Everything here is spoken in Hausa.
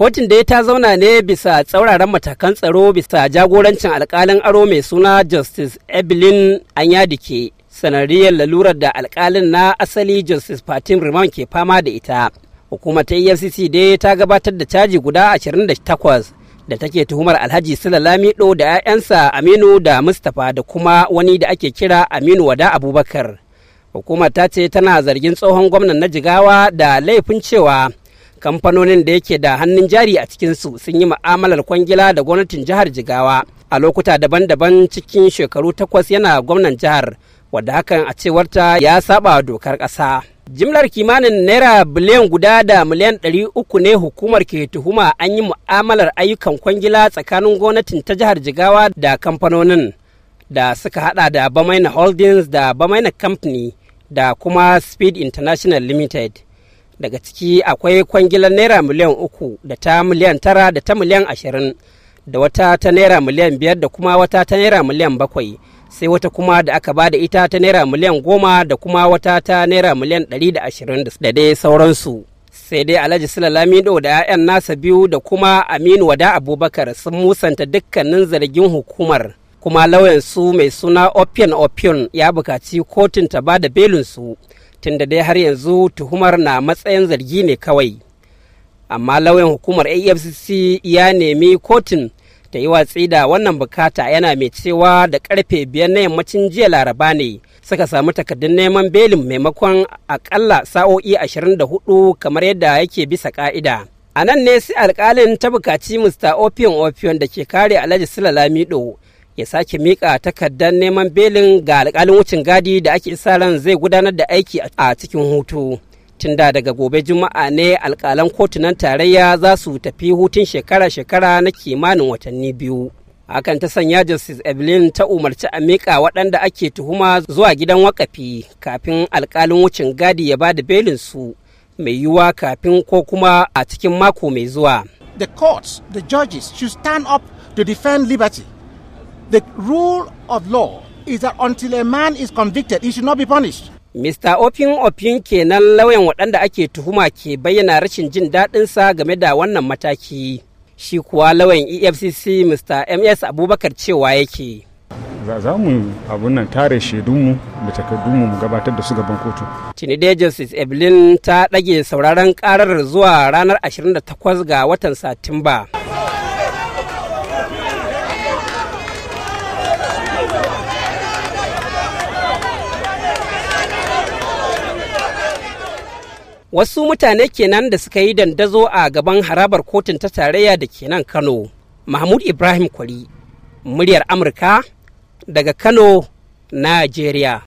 Kotun dai ta zauna ne bisa tsauraran matakan tsaro bisa jagorancin alkalin aro mai suna Justice Evelyn Anyadike sanariyar lalurar da alkalin na asali Justice Fatim Riman ke fama da ita. Hukumar ta EFCC dai ta gabatar da caji guda 28 da take tuhumar Alhaji Lamido da 'ya'yansa Aminu da Mustapha da kuma wani da ake kira Aminu Wada Abubakar. Hukumar ta ce tana zargin tsohon gwamnan na Jigawa da laifin cewa kamfanonin da yake da hannun jari a cikinsu sun yi ma'amalar kwangila da gwamnatin jihar jigawa a lokuta daban-daban cikin shekaru takwas yana gwamnan jihar wadda hakan a cewarta ya saba dokar ƙasa. jimlar kimanin naira biliyan guda da miliyan ɗari uku ne hukumar ke tuhuma an yi mu'amalar ayyukan kwangila tsakanin gwamnatin ta jihar jigawa da kamfanonin da suka hada da bamaina holdings da bamaina company da kuma speed international limited daga ciki akwai kwangilar naira miliyan uku da ta miliyan tara da ta miliyan ashirin da wata ta naira miliyan biyar da kuma wata ta naira miliyan bakwai sai wata kuma da aka ba da ita ta naira miliyan goma da kuma wata ta naira miliyan ɗari da ashirin da dai sauransu sai dai alhaji sulalamido da 'ya'yan nasa biyu da kuma aminu wada abubakar sun musanta dukkanin zargin hukumar kuma lauyansu mai suna opion opion ya bukaci kotun ta ba da belinsu tunda dai har yanzu tuhumar na matsayin zargi ne kawai amma lauyan hukumar afcc ya nemi kotun ta yi watsi da wannan bukata yana mai cewa da karfe biyar na yammacin jiya laraba ne suka samu takardun neman belin maimakon akalla sa'o'i ashirin da hudu kamar yadda yake bisa ka'ida a nan ne sai alkalin ta bukaci mr opion opion da ke kare alhaji sula lamido ya sake mika takardar neman belin ga alkalin wucin gadi da ake sa ran zai gudanar da aiki a cikin hutu tunda daga gobe juma'a ne alkalan kotunan tarayya za su tafi hutun shekara-shekara na kimanin watanni biyu hakan ta sanya justice evelyn ta umarci a miƙa waɗanda ake tuhuma zuwa gidan wakafi kafin alkalin wucin gadi ya ba da belin su mai yiwuwa kafin ko kuma a cikin mako mai zuwa the courts the judges should stand up to defend liberty The rule of law is that until a man is convicted, he should not be punished. Mr. Opin Opin kenan lauyan waɗanda ake tuhuma ke bayyana rashin jin daɗinsa game da wannan mataki. Shi kuwa lauyan EFCC Mr. MS Abubakar cewa yake. Za mu abun nan tare shaidunmu da takardunmu mu gabatar da su gaban kotu. Tinide Justice Evelyn ta ɗage sauraron ƙarar zuwa ranar 28 ga watan Satumba. wasu mutane kenan da suka yi dandazo a gaban harabar kotun ta tarayya da ke nan kano mahmud ibrahim kwari muryar amurka daga kano najeriya